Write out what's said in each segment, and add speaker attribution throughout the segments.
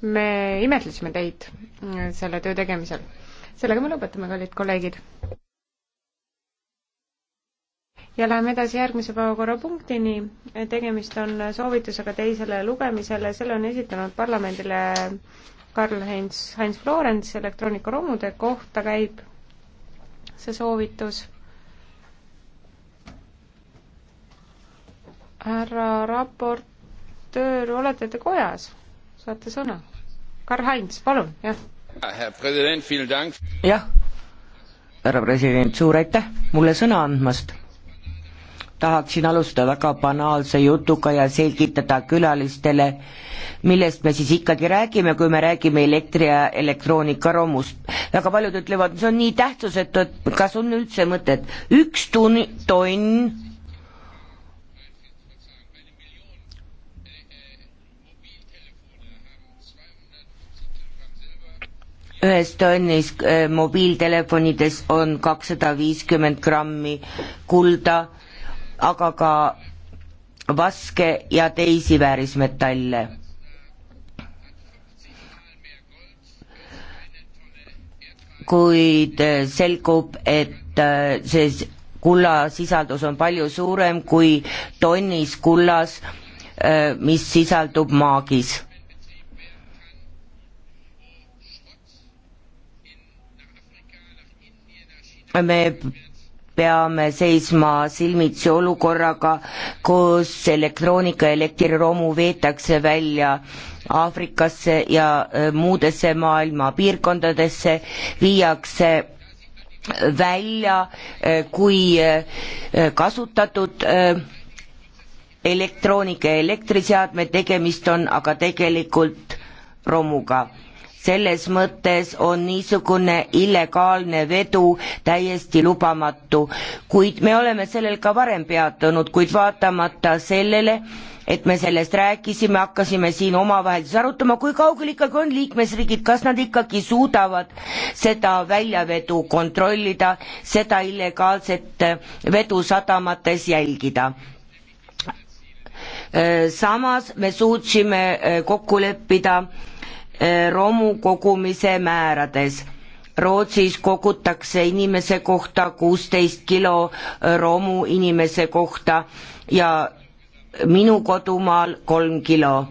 Speaker 1: me imetlesime teid äh, selle töö tegemisel. sellega me lõpetame, kallid kolleegid. ja läheme edasi järgmise päevakorrapunktini. tegemist on soovitusega teisele lugemisele, selle on esitanud parlamendile Karl-Heinz, Heinz Florens elektroonikaromude kohta käib see soovitus. härra raportöör, olete te kojas? saate sõna. Karl-Heinz, palun, jah.
Speaker 2: Äh,
Speaker 3: jah, härra president, suur aitäh mulle sõna andmast. tahaksin alustada väga banaalse jutuga ja selgitada külalistele, millest me siis ikkagi räägime, kui me räägime elektri ja elektroonikaromust. väga paljud ütlevad, see on nii tähtsusetu, et kas on üldse mõtet, üks tunni, tonn ühes tonnis äh, mobiiltelefonides on kakssada viiskümmend grammi kulda, aga ka vaske ja teisi väärismetalle. kuid äh, selgub, et äh, see kulla sisaldus on palju suurem kui tonnis kullas, mis sisaldub maagis me peame seisma silmitsi olukorraga, kus elektroonika ja elektriromu veetakse välja Aafrikasse ja äh, muudesse maailma piirkondadesse, viiakse välja äh, kui äh, kasutatud elektroonika ja elektriseadme, tegemist on aga tegelikult romuga selles mõttes on niisugune illegaalne vedu täiesti lubamatu, kuid me oleme sellel ka varem peatunud, kuid vaatamata sellele, et me sellest rääkisime, hakkasime siin omavahel siis arutama, kui kaugel ikkagi on liikmesriigid, kas nad ikkagi suudavad seda väljavedu kontrollida, seda illegaalset vedu sadamates jälgida samas me suutsime kokku leppida Eh, romu kogumise määrades. Rootsis kogutakse inimese kohta kuusteist kilo eh, romu inimese kohta ja minu kodumaal kolm kilo.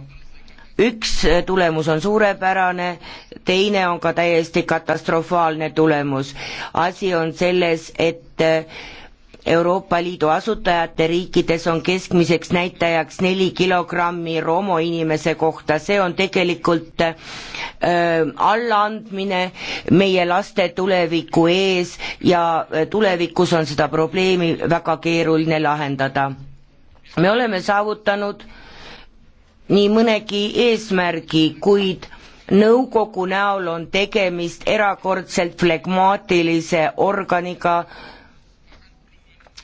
Speaker 3: üks eh, tulemus on suurepärane, teine on ka täiesti katastrofaalne tulemus. asi on selles, et Euroopa Liidu asutajate riikides on keskmiseks näitajaks neli kilogrammi romo inimese kohta, see on tegelikult äh, allaandmine meie laste tuleviku ees ja tulevikus on seda probleemi väga keeruline lahendada. me oleme saavutanud nii mõnegi eesmärgi, kuid nõukogu näol on tegemist erakordselt flegmaatilise organiga,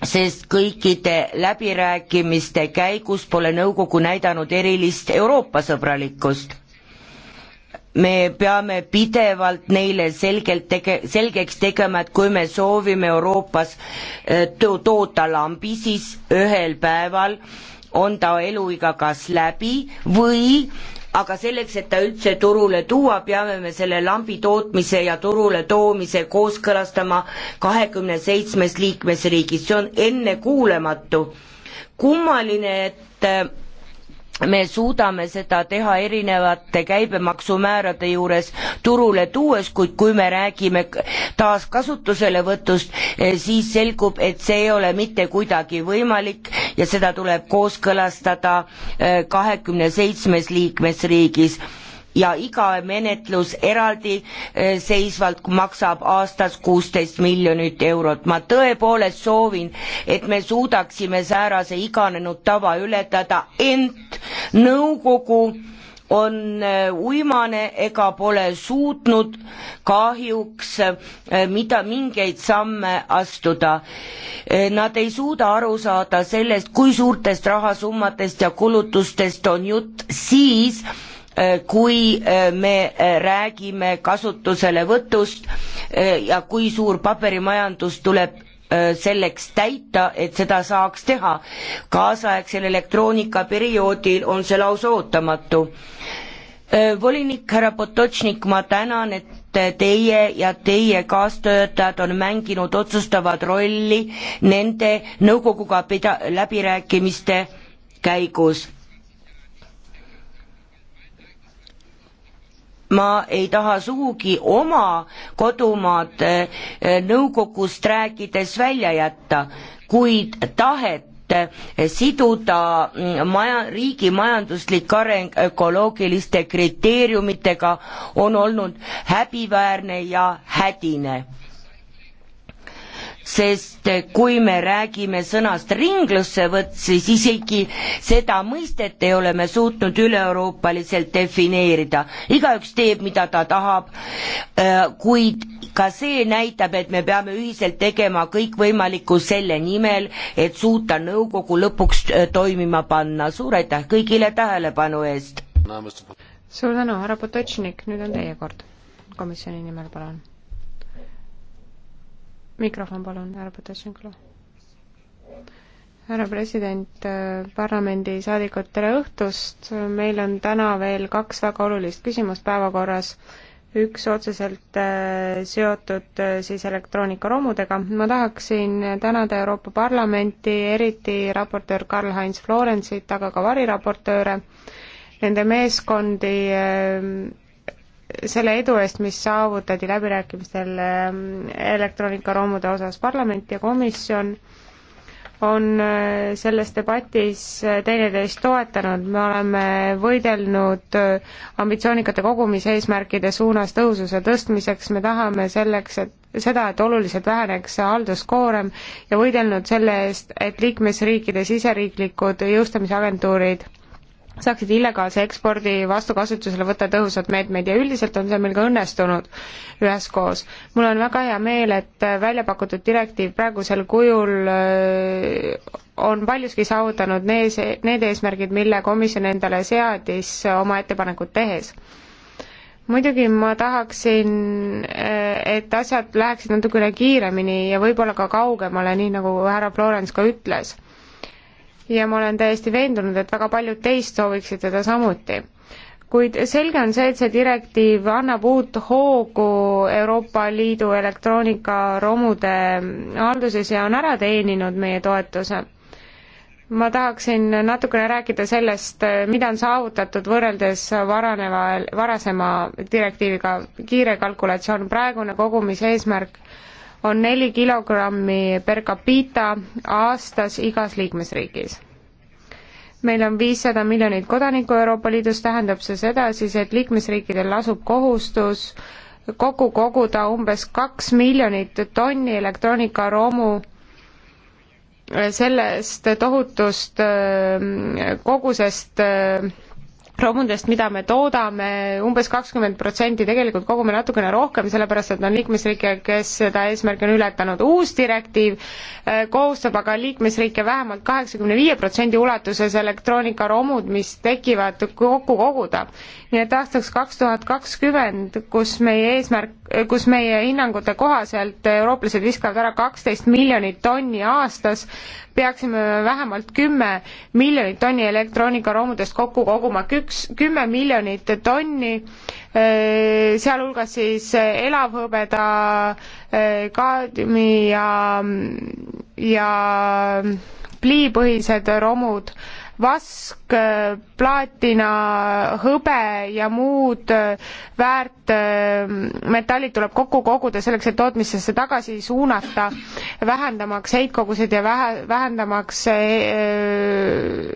Speaker 3: sest kõikide läbirääkimiste käigus pole nõukogu näidanud erilist Euroopa sõbralikkust. me peame pidevalt neile selgelt tege-, selgeks tegema, et kui me soovime Euroopas eh, to-, toota lambi, siis ühel päeval on ta eluiga kas läbi või aga selleks, et ta üldse turule tuua, peame me selle lambi tootmise ja turule toomise kooskõlastama kahekümne seitsmes liikmesriigis, see on ennekuulematu. kummaline, et äh, me suudame seda teha erinevate käibemaksumäärade juures turule tuues, kuid kui me räägime taaskasutuselevõtust, eh, siis selgub, et see ei ole mitte kuidagi võimalik ja seda tuleb kooskõlastada eh, kahekümne seitsmes liikmesriigis ja iga menetlus eraldiseisvalt eh, maksab aastas kuusteist miljonit eurot. ma tõepoolest soovin, et me suudaksime säärase iganenud tava ületada, ent nõukogu on eh, uimane ega pole suutnud kahjuks eh, mida mingeid samme astuda. Nad ei suuda aru saada sellest, kui suurtest rahasummadest ja kulutustest on jutt siis, Eh, kui eh, me eh, räägime kasutuselevõtust ja kui suur paberimajandus tuleb selleks täita, et seda saaks teha. kaasaegsel elektroonikaperioodil on see lausa ootamatu. volinik härra Potočnik, ma tänan, et teie ja teie kaastöötajad on mänginud otsustavat rolli nende nõukoguga pida-, läbirääkimiste käigus ma ei taha sugugi oma kodumaad eh, nõukogust rääkides välja jätta, kuid tahet eh, siduda mm, maja, riigi majanduslik areng ökoloogiliste kriteeriumitega on olnud häbiväärne ja hädine sest kui me räägime sõnast ringlussevõtt, siis isegi seda mõistet ei ole me suutnud üle-euroopaliselt defineerida. igaüks teeb, mida ta tahab, äh, kuid ka see näitab, et me peame ühiselt tegema kõikvõimalikku selle nimel, et suuta nõukogu lõpuks äh, toimima panna. suur aitäh kõigile tähelepanu eest! suur
Speaker 1: tänu, härra Potočnik, nüüd on teie kord komisjoni nimel, palun mikrofon palun, härra Potašenko. härra president, äh, parlamendisaadikud, tere õhtust! meil on täna veel kaks väga olulist küsimust päevakorras, üks otseselt äh, seotud äh, siis elektroonikaromudega. ma tahaksin tänada Euroopa Parlamenti, eriti raportöör Karl-Heinz Florensit, aga ka variraportööre, nende meeskondi selle edu eest, mis saavutati läbirääkimistel ähm, elektroonikaromude osas parlament ja komisjon, on äh, selles debatis äh, teineteist toetanud, me oleme võidelnud äh, ambitsioonikate kogumiseesmärkide suunas tõhususe tõstmiseks, me tahame selleks, et seda, et oluliselt väheneks halduskoorem ja võidelnud selle eest, et liikmesriikide siseriiklikud jõustamisagentuurid saaksid illegaalse ekspordi vastu kasutusele võtta tõhusad meetmed ja üldiselt on see meil ka õnnestunud üheskoos. mul on väga hea meel, et välja pakutud direktiiv praegusel kujul äh, on paljuski saavutanud need, need eesmärgid, mille komisjon endale seadis oma ettepanekut tehes muidugi ma tahaksin, äh, et asjad läheksid natukene kiiremini ja võib-olla ka kaugemale, nii nagu härra Florence ka ütles ja ma olen täiesti veendunud, et väga paljud teist sooviksid seda samuti. kuid selge on see, et see direktiiv annab uut hoogu Euroopa Liidu elektroonikaromude halduses ja on ära teeninud meie toetuse. ma tahaksin natukene rääkida sellest, mida on saavutatud võrreldes varaneva, varasema direktiiviga, kiire kalkulatsioon, praegune kogumise eesmärk on neli kilogrammi per capita aastas igas liikmesriigis. meil on viissada miljonit kodanikku Euroopa Liidus, tähendab see seda siis, et liikmesriikidel lasub kohustus kokku koguda umbes kaks miljonit tonni elektroonikaromu äh, sellest tohutust äh, kogusest äh, romudest, mida me toodame umbes, umbes kakskümmend protsenti, tegelikult kogume natukene rohkem, sellepärast et on liikmesriike, kes seda eesmärki on ületanud. uus direktiiv äh, kohustab aga liikmesriike vähemalt kaheksakümne viie protsendi ulatuses elektroonikaromud, mis tekivad, kokku koguda. nii et aastaks kaks tuhat kakskümmend, kus meie eesmärk, äh, kus meie hinnangute kohaselt eurooplased viskavad ära kaksteist miljonit tonni aastas, peaksime vähemalt kümme miljonit tonni elektroonikaromudest kokku koguma, üks, kümme miljonit tonni, eh, sealhulgas siis eh, elavhõbeda, eh, kaadmi ja, ja pliipõhised romud vask, plaatina, hõbe ja muud äh, väärtmetallid äh, tuleb kokku koguda selleks, et tootmisesse tagasi suunata, vähendamaks heitkoguseid ja vähe, vähendamaks äh,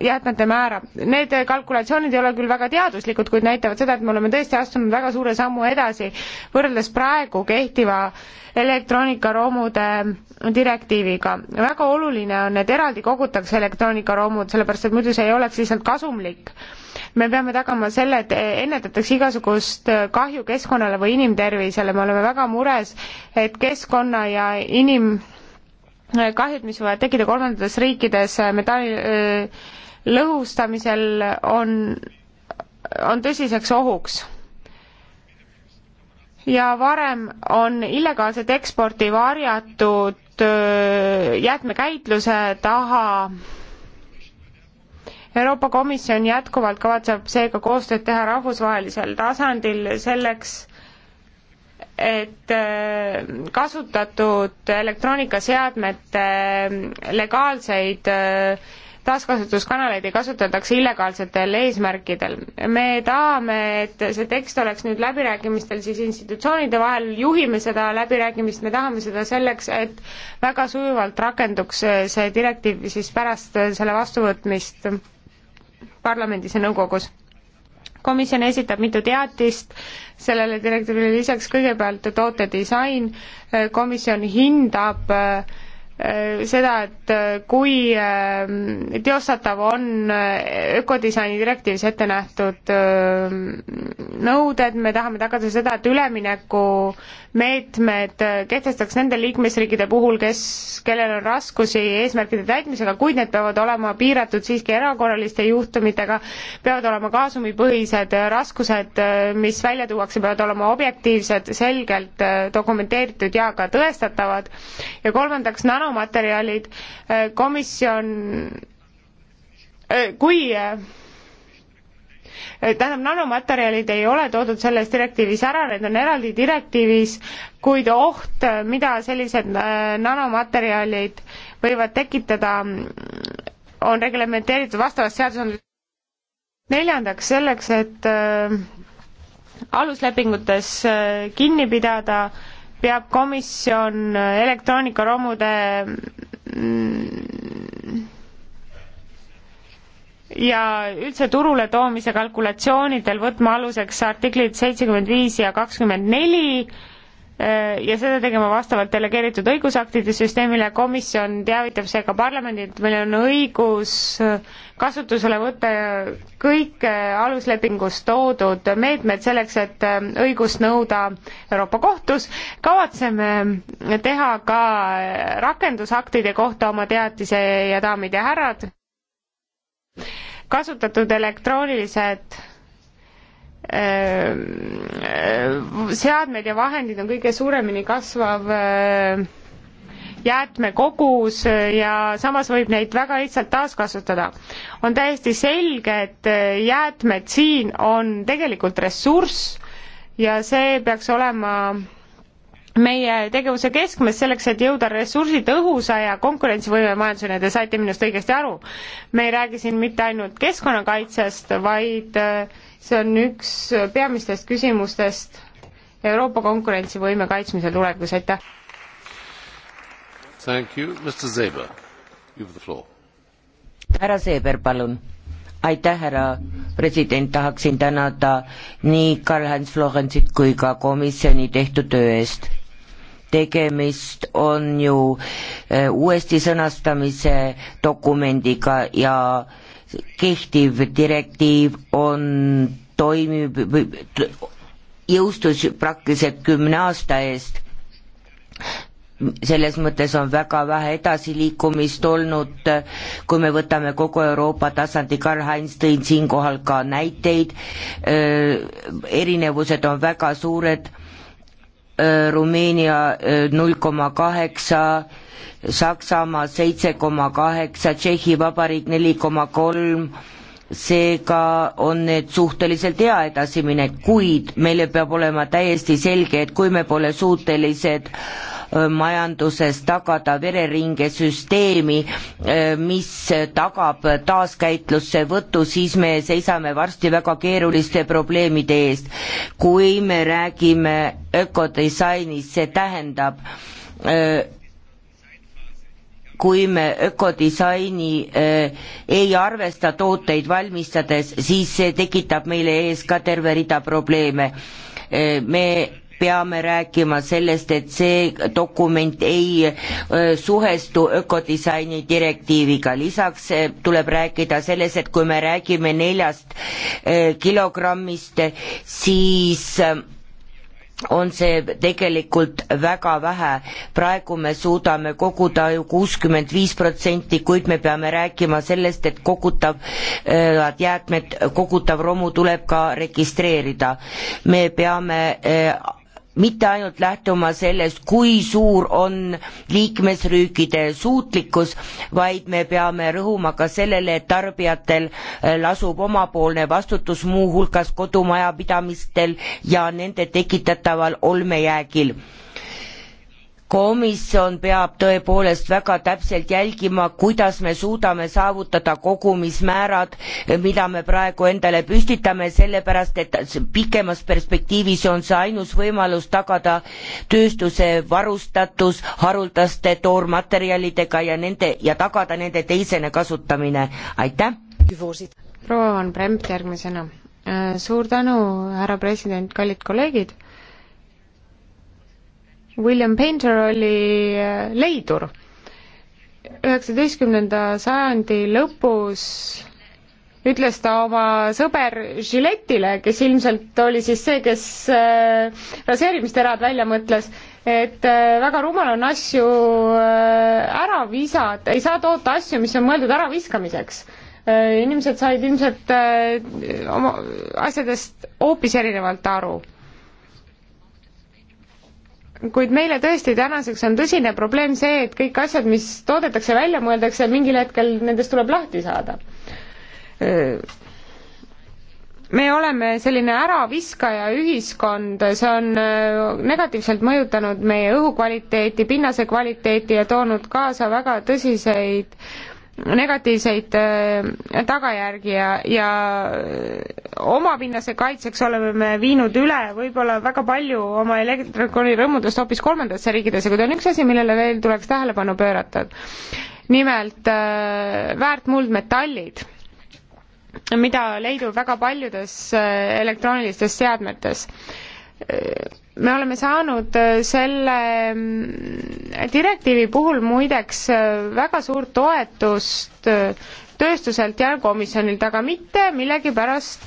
Speaker 1: jäätmete määra. Need kalkulatsioonid ei ole küll väga teaduslikud, kuid näitavad seda, et me oleme tõesti astunud väga suure sammu edasi võrreldes praegu kehtiva elektroonikaromude direktiiviga. väga oluline on, et eraldi kogutakse elektroonikaromud, sellepärast et muidu see ei oleks lihtsalt kasumlik. me peame tagama selle, et ennetatakse igasugust kahju keskkonnale või inimtervisele, me oleme väga mures, et keskkonna ja inim- kahjud, mis võivad tekkida kolmandates riikides metaani öö, lõhustamisel on, on tõsiseks ohuks. ja varem on illegaalset eksporti varjatud jäätmekäitluse taha Euroopa Komisjon jätkuvalt kavatseb seega koostööd teha rahvusvahelisel tasandil selleks, et kasutatud elektroonikaseadmete legaalseid taaskasutuskanaleid ei kasutatakse illegaalsetel eesmärkidel. me tahame, et see tekst oleks nüüd läbirääkimistel siis institutsioonide vahel, juhime seda läbirääkimist, me tahame seda selleks, et väga sujuvalt rakenduks see direktiiv siis pärast selle vastuvõtmist parlamendis ja nõukogus komisjon esitab mitu teatist sellele direktiivile, lisaks kõigepealt tootedisain, komisjon hindab äh, Äh, seda, et äh, kui äh, teostatav on ökodisaini direktiivis ette nähtud nõuded, me tahame tagada seda, et üleminekumeetmed kehtestaks nende liikmesriikide puhul, kes, kellel on raskusi eesmärkide täitmisega, kuid need peavad olema piiratud siiski erakorraliste juhtumitega, peavad olema kaasumipõhised raskused, mis välja tuuakse, peavad olema objektiivsed, selgelt dokumenteeritud ja ka tõestatavad ja kolmandaks, nano raomaterjalid, komisjon, äh, kui äh, tähendab, nanomaterjalid ei ole toodud selles direktiivis ära, need on eraldi direktiivis, kuid oht, mida sellised äh, nanomaterjalid võivad tekitada, on reglementeeritud vastavas seadusandluses. neljandaks, selleks, et aluslepingutes kinni pidada, peab komisjon elektroonikaromude ja üldse turule toomise kalkulatsioonidel võtma aluseks artiklid seitsekümmend viis ja kakskümmend neli Äh, ja seda tegema vastavalt delegeeritud õigusaktide süsteemile, komisjon teavitab seega parlamendit, meil on õigus äh, kasutusele võtta kõik äh, aluslepingus toodud meetmed selleks, et õigust nõuda Euroopa Kohtus. kavatseme teha ka rakendusaktide kohta oma teatise ja daamid ja härrad, kasutatud elektroonilised Ehm, ehm, seadmed ja vahendid on kõige suuremini kasvav ehm, jäätmekogus ja samas võib neid väga lihtsalt taaskasutada. on täiesti selge, et jäätmed siin on tegelikult ressurss ja see peaks olema meie tegevuse keskmes selleks, et jõuda ressursitõhusa ja konkurentsivõime majanduseni ja te saite minust õigesti aru. me ei räägi siin mitte ainult keskkonnakaitsest, vaid äh, see on üks peamistest küsimustest Euroopa konkurentsivõime kaitsmisel
Speaker 3: tulevikus, aitäh! härra Seeber, palun! aitäh, härra president, tahaksin tänada nii Karl-Heinz Florensit kui ka komisjoni tehtud töö eest. tegemist on ju eh, uuesti sõnastamise dokumendiga ja äh, kehtiv direktiiv on toimib, jõustus praktiliselt kümne aasta eest. selles mõttes on väga vähe edasiliikumist olnud, kui me võtame kogu Euroopa tasandi, Karl-Heinz tõin siinkohal ka näiteid, äh, erinevused on väga suured Rumeenia e, null koma kaheksa, Saksamaa seitse koma kaheksa, Tšehhi Vabariik neli koma kolm, seega on need suhteliselt hea edasiminek, kuid meile peab olema täiesti selge, et kui me pole suutelised äh, majanduses tagada vereringesüsteemi, äh, mis tagab taaskäitlusse võtu, siis me seisame varsti väga keeruliste probleemide eest. kui me räägime ökodisainist, see tähendab öö, äh, kui me ökodisaini äh, ei arvesta tooteid valmistades, siis see tekitab meile ees ka terve rida probleeme äh,. me peame rääkima sellest, et see dokument ei eh, suhestu ökodisaini direktiiviga, lisaks tuleb rääkida selles, et kui me räägime neljast kilogrammist, siis on see tegelikult väga vähe, praegu me suudame koguda ju kuuskümmend viis protsenti, kuid me peame rääkima sellest, et kogutav äh, jäätmed, kogutav romu tuleb ka registreerida. me peame äh, mitte ainult lähtuma sellest, kui suur on liikmesriikide suutlikkus, vaid me peame rõhuma ka sellele, et tarbijatel eh, lasub omapoolne vastutus muuhulgas kodumajapidamistel ja nende tekitataval olmejäägil komisjon peab tõepoolest väga täpselt jälgima, kuidas me suudame saavutada kogumismäärad, mida me praegu endale püstitame, sellepärast et pikemas perspektiivis on see ainus võimalus tagada tööstuse varustatus haruldaste toormaterjalidega ja nende ja tagada nende teisene kasutamine, aitäh.
Speaker 1: proua Van Brempt järgmisena. Äh, suur tänu, härra president, kallid kolleegid William Painter oli äh, leidur. üheksateistkümnenda sajandi lõpus ütles ta oma sõber Gilletile, kes ilmselt oli siis see, kes äh, raseerimisterad välja mõtles, et äh, väga rumal on asju ära visata, ei saa toota asju, mis on mõeldud äraviskamiseks. inimesed said ilmselt oma asjadest hoopis erinevalt aru kuid meile tõesti tänaseks on tõsine probleem see, et kõik asjad, mis toodetakse, välja mõeldakse, mingil hetkel nendest tuleb lahti saada. me oleme selline äraviskaja ühiskond, see on äh, negatiivselt mõjutanud meie õhukvaliteeti, pinnase kvaliteeti ja toonud kaasa väga tõsiseid äh, negatiivseid äh, tagajärgi ja, ja äh, omapinnase kaitseks oleme me viinud üle võib-olla väga palju oma elektrikooli rõõmudest hoopis kolmandasse riikidesse, kuid on üks asi, millele veel tuleks tähelepanu pöörata. nimelt äh, väärtmuldmetallid, mida leidub väga paljudes elektroonilistes seadmetes me oleme saanud äh, selle mm, direktiivi puhul muideks äh, väga suurt toetust äh, tööstuselt ja komisjonilt, aga mitte millegipärast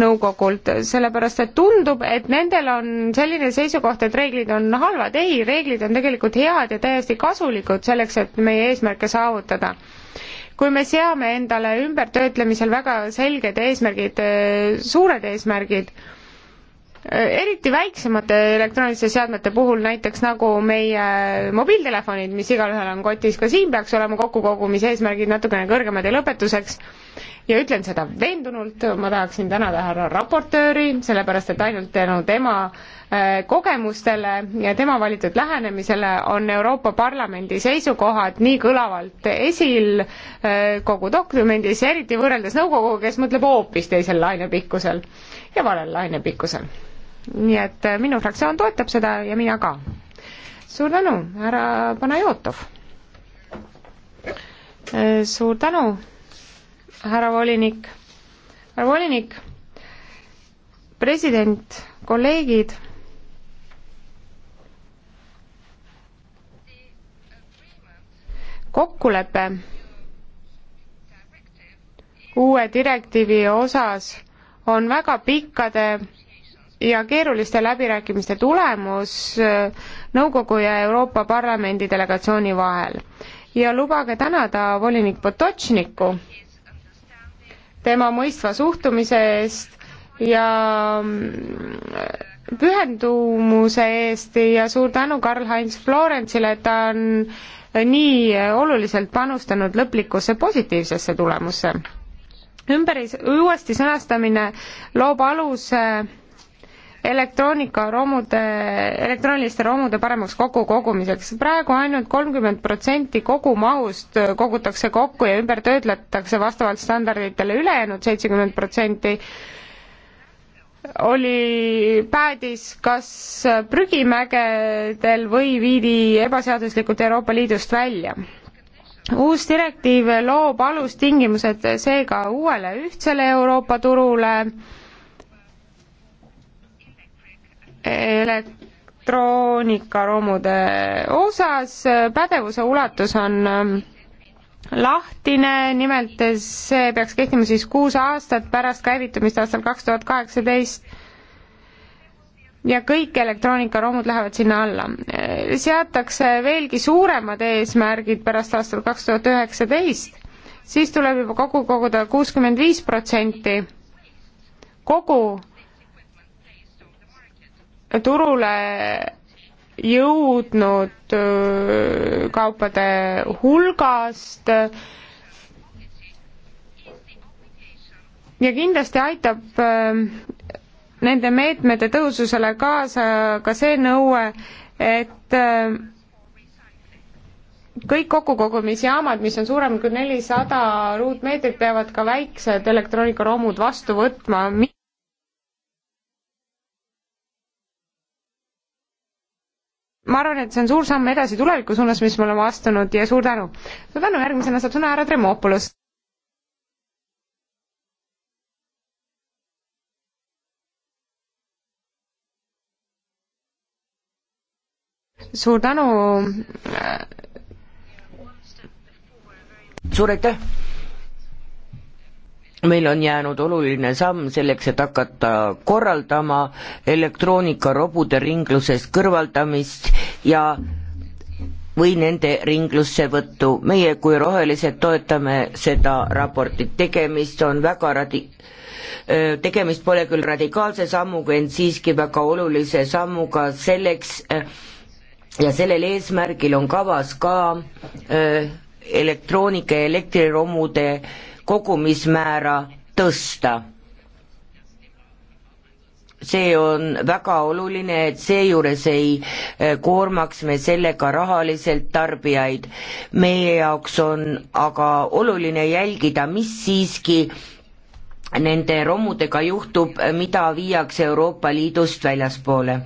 Speaker 1: nõukogult, sellepärast et tundub, et nendel on selline seisukoht, et reeglid on halvad, ei, reeglid on tegelikult head ja täiesti kasulikud selleks, et meie eesmärke saavutada kui me seame endale ümbertöötlemisel väga selged eesmärgid, suured eesmärgid, eriti väiksemate elektrooniliste seadmete puhul, näiteks nagu meie mobiiltelefonid, mis igalühel on kotis, ka siin peaks olema kokkukogumise eesmärgid natukene kõrgemad ja lõpetuseks, ja ütlen seda veendunult, ma tahaksin tänada härra raportööri, sellepärast et ainult tänu tema äh, kogemustele ja tema valitud lähenemisele on Euroopa Parlamendi seisukohad nii kõlavalt esil äh, kogu dokumendis, eriti võrreldes nõukoguga, kes mõtleb hoopis teisel lainepikkusel ja valel lainepikkusel nii et äh, minu fraktsioon toetab seda ja mina ka. suur tänu, härra Panajotov! Äh, suur tänu, härra volinik! härra volinik, president, kolleegid, kokkulepe uue direktiivi osas on väga pikkade ja keeruliste läbirääkimiste tulemus äh, nõukogu ja Euroopa Parlamendi delegatsiooni vahel. ja lubage tänada volinik Potočniku tema mõistva suhtumise eest ja mm, pühendumuse eest ja suur tänu Karl-Heinz Florentsile, et ta on nii oluliselt panustanud lõplikusse positiivsesse tulemusse. ümber, uuesti sõnastamine loob aluse äh, elektroonikaromude, elektrooniliste romude paremaks kokkukogumiseks. praegu ainult kolmkümmend protsenti kogumahust kogutakse kokku ja ümber töötletakse vastavalt standarditele ülejäänud seitsekümmend protsenti oli, päädis kas prügimägedel või viidi ebaseaduslikult Euroopa Liidust välja uus direktiiv loob alustingimused seega uuele ühtsele Euroopa turule elektroonikaromude osas, pädevuse ulatus on ähm, lahtine, nimelt see peaks kehtima siis kuus aastat pärast käivitumist aastal kaks tuhat kaheksateist ja kõik elektroonikaromud lähevad sinna alla. seatakse veelgi suuremad eesmärgid pärast aastat kaks tuhat üheksateist, siis tuleb juba kogu koguda kuuskümmend viis protsenti kogu turule jõudnud kaupade hulgast ja kindlasti aitab nende meetmete tõhususele kaasa ka see nõue, et kõik kokkukogumisjaamad, mis on suuremad kui nelisada ruutmeetrit, peavad ka väiksed elektroonikaromud vastu võtma. ma arvan, et see on suur samm edasi tuleviku suunas, mis me oleme astunud ja suur tänu. suur tänu, järgmisena saab sõna härra Tremopoulos. suur tänu. Äh,
Speaker 3: suur aitäh meil on jäänud oluline samm selleks, et hakata korraldama elektroonikarobude ringlusest kõrvaldamist ja või nende ringlusse võttu. meie kui rohelised toetame seda raportit, tegemist on väga radi-, tegemist pole küll radikaalse sammuga, ent siiski väga olulise sammuga selleks ja sellel eesmärgil on kavas ka elektroonika ja elektriromude kogumismäära tõsta. see on väga oluline, et seejuures ei eh, koormaks me sellega rahaliselt tarbijaid. meie jaoks on aga oluline jälgida, mis siiski nende romudega juhtub, eh, mida viiakse Euroopa Liidust väljaspoole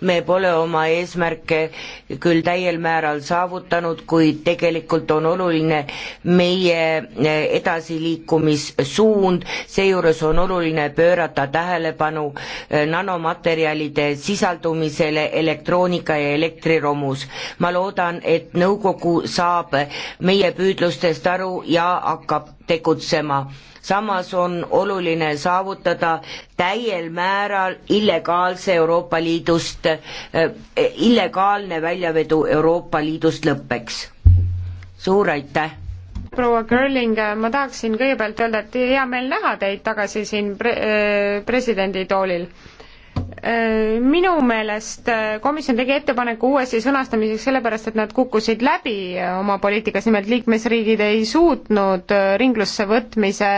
Speaker 3: me pole oma eesmärke küll täiel määral saavutanud, kuid tegelikult on oluline meie eh, edasiliikumissuund, seejuures on oluline pöörata tähelepanu eh, nanomaterjalide sisaldumisele elektroonika ja elektriromus. ma loodan, et nõukogu saab meie püüdlustest aru ja hakkab tegutsema samas on oluline saavutada täiel määral illegaalse Euroopa Liidust, eh, illegaalne väljavedu Euroopa Liidust lõpeks. suur aitäh!
Speaker 1: proua Gerling, ma tahaksin kõigepealt öelda, et hea meel näha teid tagasi siin pre-, eh, presidendi toolil Äh, minu meelest äh, komisjon tegi ettepaneku uuesti sõnastamiseks sellepärast, et nad kukkusid läbi äh, oma poliitikas, nimelt liikmesriigid ei suutnud ringlusse võtmise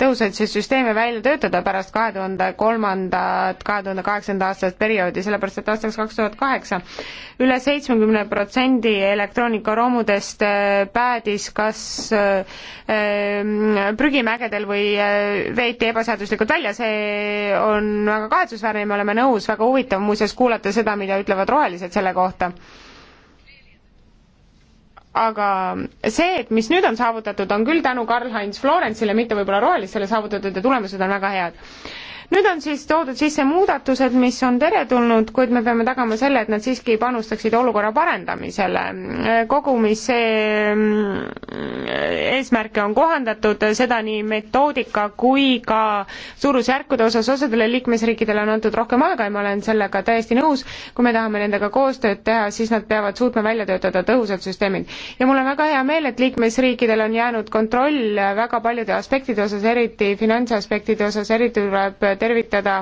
Speaker 1: tõhusaid süsteeme välja töötada pärast kahe tuhande kolmandat, kahe tuhande kaheksanda aastast perioodi, sellepärast et aastaks kaks tuhat kaheksa üle seitsmekümne protsendi elektroonikaromudest päädis kas ähm, prügimägedel või veeti ebaseaduslikult välja, see on väga kahetsusväärne ja me oleme oleme nõus, väga huvitav muuseas kuulata seda, mida ütlevad rohelised selle kohta. aga see, et mis nüüd on saavutatud, on küll tänu Karl-Heinz Florentsile, mitte võib-olla rohelistele saavutatud ja tulemused on väga head nüüd on siis toodud sisse muudatused, mis on teretulnud, kuid me peame tagama selle, et nad siiski panustaksid olukorra parendamisele. kogumise
Speaker 4: mm,
Speaker 1: eesmärke on kohandatud, seda nii metoodika kui ka suurusjärkude osas, osadele liikmesriikidele on antud rohkem aega ja ma olen sellega täiesti nõus, kui me tahame nendega koostööd teha, siis nad peavad suutma välja töötada tõhusad süsteemid. ja mul on väga hea meel, et liikmesriikidel on jäänud kontroll väga paljude aspektide osas, eriti finantsaspektide osas, eriti tuleb tervitada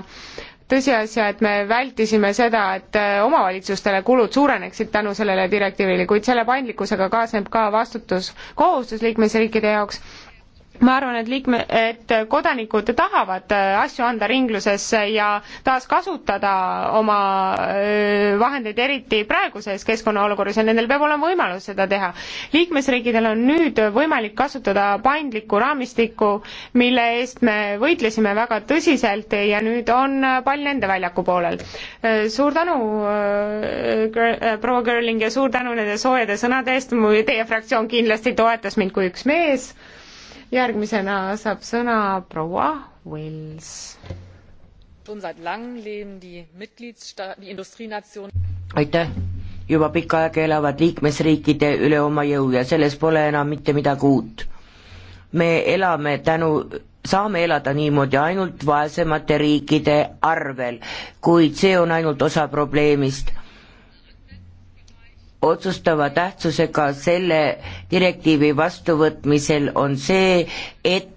Speaker 1: tõsiasja, et me vältisime seda, et äh, omavalitsustele kulud suureneksid tänu sellele direktiivile, kuid selle paindlikkusega kaasneb ka vastutus kohustus liikmesriikide jaoks ma arvan, et liikme, et kodanikud tahavad äh, asju anda ringlusesse ja taaskasutada oma äh, vahendeid, eriti praeguses keskkonnaolukorras ja nendel peab olema võimalus seda teha. liikmesriikidel on nüüd võimalik kasutada paindlikku raamistikku, mille eest me võitlesime väga tõsiselt ja nüüd on äh, pall nende väljaku poolel. suur tänu äh,, proua Gerling ja suur tänu nende soojade sõnade eest, teie fraktsioon kindlasti toetas mind kui üks mees järgmisena saab sõna proua Wills.
Speaker 3: aitäh, juba pikka aega elavad liikmesriikide üle oma jõu ja selles pole enam mitte midagi uut. me elame tänu saame elada niimoodi ainult vaesemate riikide arvel, kuid see on ainult osa probleemist otsustava tähtsusega selle direktiivi vastuvõtmisel on see, et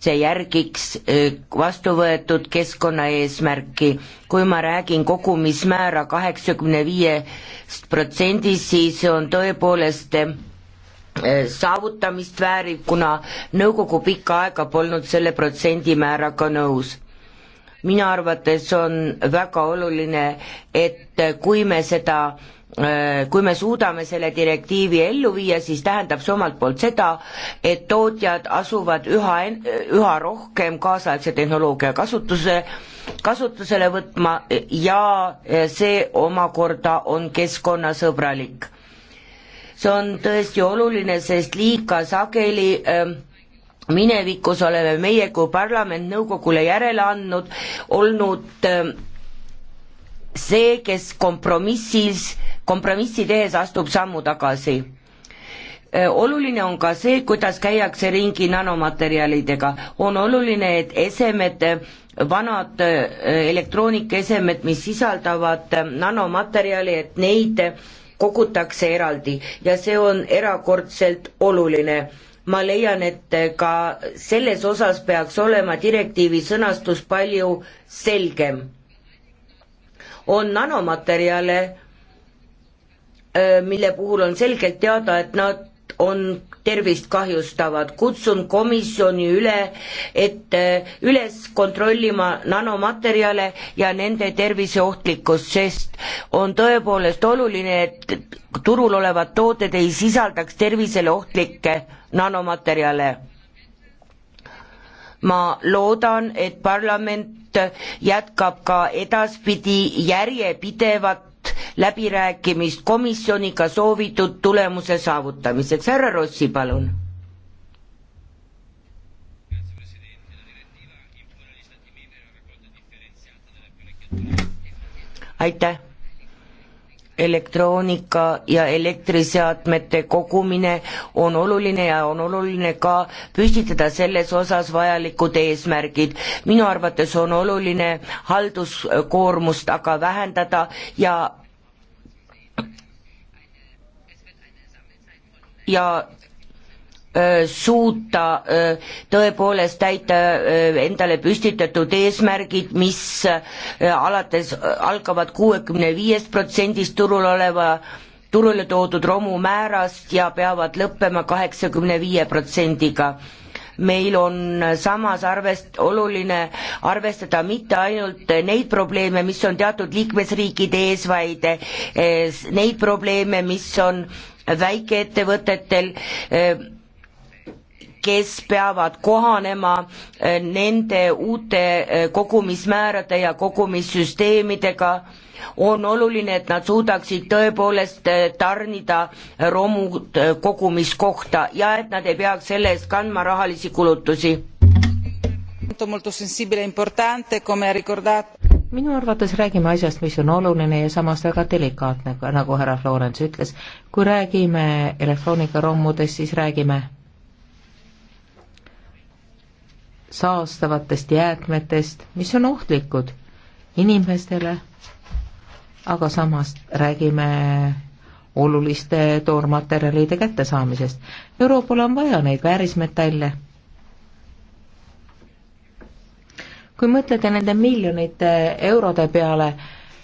Speaker 3: see järgiks äh, vastu võetud keskkonnaeesmärki. kui ma räägin kogumismäära kaheksakümne viiest protsendist, siis on tõepoolest äh, saavutamist vääriv, kuna nõukogu pikka aega polnud selle protsendimääraga nõus minu arvates on väga oluline, et kui me seda Äh, kui me suudame selle direktiivi ellu viia, siis tähendab see omalt poolt seda, et tootjad asuvad üha, üha rohkem kaasaegse tehnoloogia kasutuse, kasutusele võtma ja see omakorda on keskkonnasõbralik. see on tõesti oluline, sest liiga sageli äh, minevikus oleme meie kui parlament nõukogule järele andnud, olnud äh, see, kes kompromissis, kompromissi tehes astub sammu tagasi. oluline on ka see, kuidas käiakse ringi nanomaterjalidega, on oluline, et esemed vanad elektroonikaesemed, mis sisaldavad nanomaterjali, et neid kogutakse eraldi ja see on erakordselt oluline. ma leian, et ka selles osas peaks olema direktiivi sõnastus palju selgem on nanomaterjale, äh, mille puhul on selgelt teada, et nad on tervist kahjustavad, kutsun komisjoni üle, et äh, üles kontrollima nanomaterjale ja nende terviseohtlikkust, sest on tõepoolest oluline, et turul olevad tooted ei sisaldaks tervisele ohtlikke nanomaterjale ma loodan, et parlament jätkab ka edaspidi järjepidevat läbirääkimist komisjoniga soovitud tulemuse saavutamiseks, härra Rossi, palun. aitäh elektroonika ja elektriseadmete kogumine on oluline ja on oluline ka püstitada selles osas vajalikud eesmärgid. minu arvates on oluline halduskoormust aga vähendada ja ja suuta tõepoolest täita endale püstitatud eesmärgid, mis alates, algavad kuuekümne viiest protsendist turul oleva turule toodud romu määrast ja peavad lõppema kaheksakümne viie protsendiga meil on samas arvest-, oluline arvestada mitte ainult neid probleeme, mis on teatud liikmesriikide ees, vaid eh, neid probleeme, mis on väikeettevõtetel eh, kes peavad kohanema eh, nende uute eh, kogumismäärade ja kogumissüsteemidega, on oluline, et nad suudaksid tõepoolest eh, tarnida romud kogumiskohta ja et nad ei peaks selle eest kandma rahalisi kulutusi. E
Speaker 5: minu arvates räägime asjast, mis on oluline ja samas väga delikaatne, nagu härra Florence ütles. kui räägime elektroonikarommudest, siis räägime saastavatest jäätmetest, mis on ohtlikud inimestele, aga samas räägime oluliste toormaterjalide kättesaamisest. Euroopal on vaja neid väärismetalle. kui mõtlete nende miljonite eurode peale,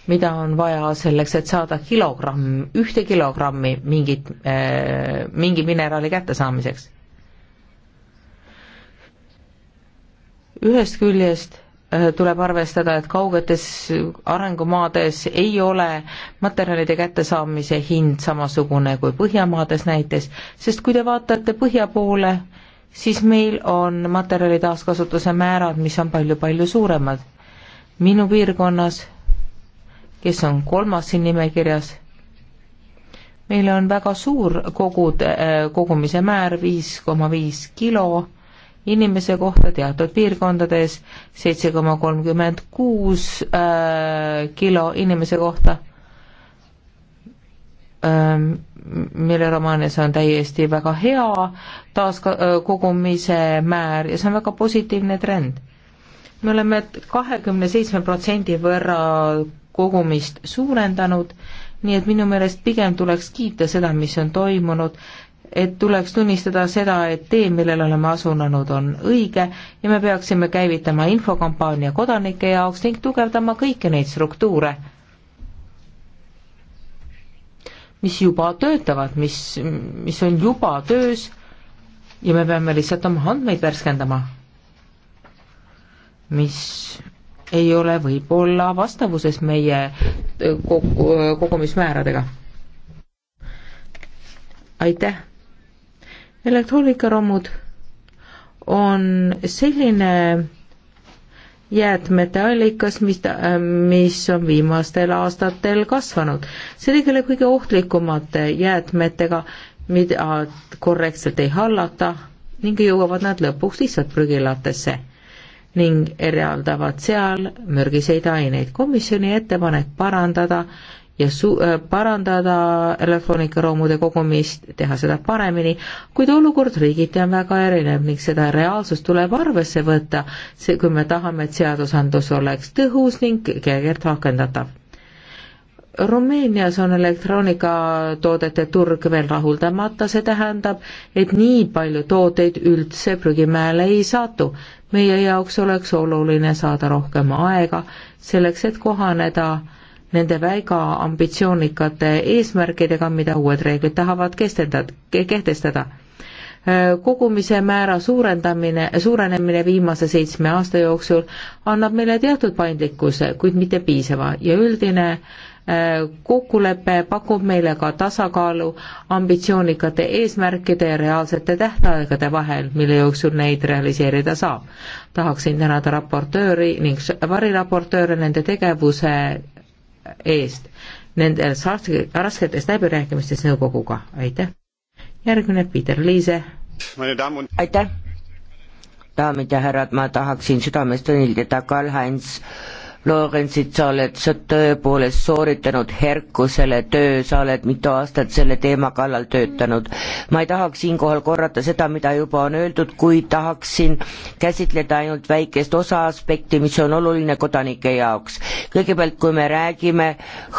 Speaker 5: mida on vaja selleks, et saada kilogramm, ühte kilogrammi mingit äh,, mingi mineraali kättesaamiseks ühest küljest äh, tuleb arvestada, et kaugetes arengumaades ei ole materjalide kättesaamise hind samasugune kui Põhjamaades näiteks, sest kui te vaatate põhja poole, siis meil on materjali taaskasutuse määrad, mis on palju-palju suuremad. minu piirkonnas, kes on kolmas siin nimekirjas, meil on väga suur kogud, äh, kogumise määr, viis koma viis kilo inimese kohta teatud piirkondades, seitse koma kolmkümmend kuus äh, kilo inimese kohta ähm,, mille romaanias on täiesti väga hea taaskogumise äh, määr ja see on väga positiivne trend. me oleme kahekümne seitsme protsendi võrra kogumist suurendanud, nii et minu meelest pigem tuleks kiita seda, mis on toimunud et tuleks tunnistada seda, et tee, millele oleme asunenud, on õige ja me peaksime käivitama infokampaania kodanike jaoks ning tugevdama kõiki neid struktuure, mis juba töötavad, mis, mis on juba töös ja me peame lihtsalt oma andmeid värskendama, mis ei ole võib-olla vastavuses meie kogu, kogumismääradega. aitäh! elektroonikaromud on selline jäätmete allikas, mis, äh, mis on viimastel aastatel kasvanud. see tegeleb kõige ohtlikumate jäätmetega, mida korrektselt ei hallata ning jõuavad nad lõpuks lihtsalt prügilatesse ning eraldavad seal mürgiseid aineid. komisjoni ettepanek parandada ja su-, äh, parandada elektronikaromude kogumist, teha seda paremini, kuid olukord riigiti on väga erinev ning seda reaalsust tuleb arvesse võtta, see, kui me tahame, et seadusandlus oleks tõhus ning kergelt rakendatav. Rumeenias on elektroonikatoodete turg veel rahuldamata, see tähendab, et nii palju tooteid üldse prügimäele ei satu. meie jaoks oleks oluline saada rohkem aega selleks, et kohaneda äh, nende väga ambitsioonikate eesmärkidega, mida uued reeglid tahavad kestendada, kehtestada. kogumise määra suurendamine, suurenemine viimase seitsme aasta jooksul annab meile teatud paindlikkuse, kuid mitte piisava ja üldine äh, kokkulepe pakub meile ka tasakaalu ambitsioonikate eesmärkide ja reaalsete tähtaegade vahel, mille jooksul neid realiseerida saab. tahaksin tänada raportööri ning variraportööre nende tegevuse eest nendes rasketes läbirääkimistes nõukoguga, aitäh. järgmine Peter Liise. aitäh. daamid ja härrad, ma tahaksin südamest õnnitleda
Speaker 3: Karl-Heinz Lorentsit, sa oled sa tõepoolest sooritanud Herkusele töö, sa oled mitu aastat selle teema kallal töötanud. ma ei tahaks siinkohal korrata seda, mida juba on öeldud, kuid tahaksin käsitleda ainult väikest osa aspekti, mis on oluline kodanike jaoks. kõigepealt, kui me räägime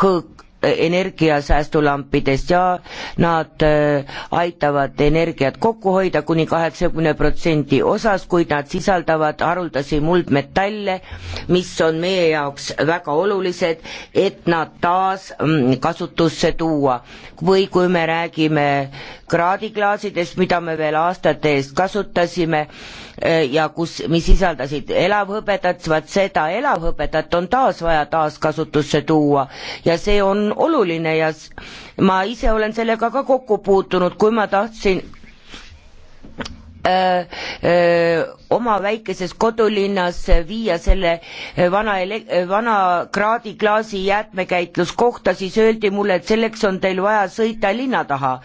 Speaker 3: hõõk energiasäästulampidest ja nad äh, aitavad energiat kokku hoida kuni kaheksakümne protsendi osas, kuid nad sisaldavad haruldasi muldmetalle, mis on meie jaoks väga olulised, et nad taas mm, kasutusse tuua. või kui me räägime kraadiklaasidest, mida me veel aastate eest kasutasime äh, ja kus, mis sisaldasid elavhõbedat, vaat seda elavhõbedat on taas vaja taaskasutusse tuua ja see on on oluline ja ma ise olen sellega ka kokku puutunud, kui ma tahtsin öö, äh, öö, äh, oma väikeses kodulinnas viia selle vana ele-, vana kraadiklaasi jäätmekäitluskohta, siis öeldi mulle, et selleks on teil vaja sõita linna taha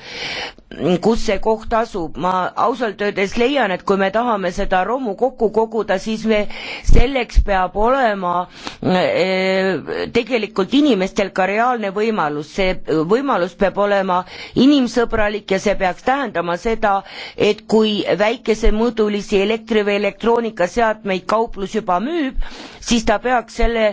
Speaker 3: kus see koht asub, ma ausalt öeldes leian, et kui me tahame seda romu kokku koguda, siis me, selleks peab olema eh, tegelikult inimestel ka reaalne võimalus, see võimalus peab olema inimsõbralik ja see peaks tähendama seda, et kui väikesemõõdulisi elektri- või elektroonikaseadmeid kauplus juba müüb, siis ta peaks selle